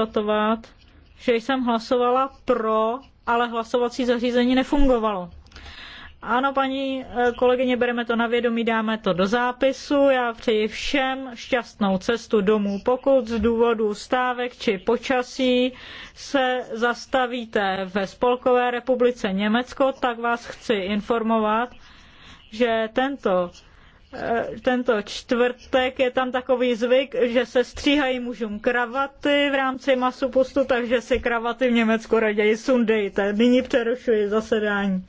konstatovat, že jsem hlasovala pro, ale hlasovací zařízení nefungovalo. Ano, paní eh, kolegyně, bereme to na vědomí, dáme to do zápisu. Já přeji všem šťastnou cestu domů. Pokud z důvodu stávek či počasí se zastavíte ve Spolkové republice Německo, tak vás chci informovat, že tento Eh, tento čtvrtek je tam takový zvyk, že se stříhají mužům kravaty v rámci masopustu, takže si kravaty v Německu raději sundejte. Nyní přerušuji zasedání.